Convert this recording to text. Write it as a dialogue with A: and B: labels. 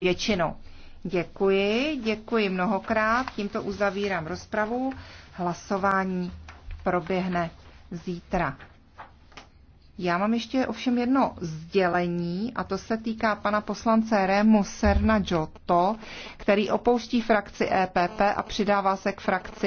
A: většinou. Děkuji, děkuji mnohokrát. Tímto uzavírám rozpravu. Hlasování proběhne zítra. Já mám ještě ovšem jedno sdělení a to se týká pana poslance Rému Serna Giotto, který opouští frakci EPP a přidává se k frakci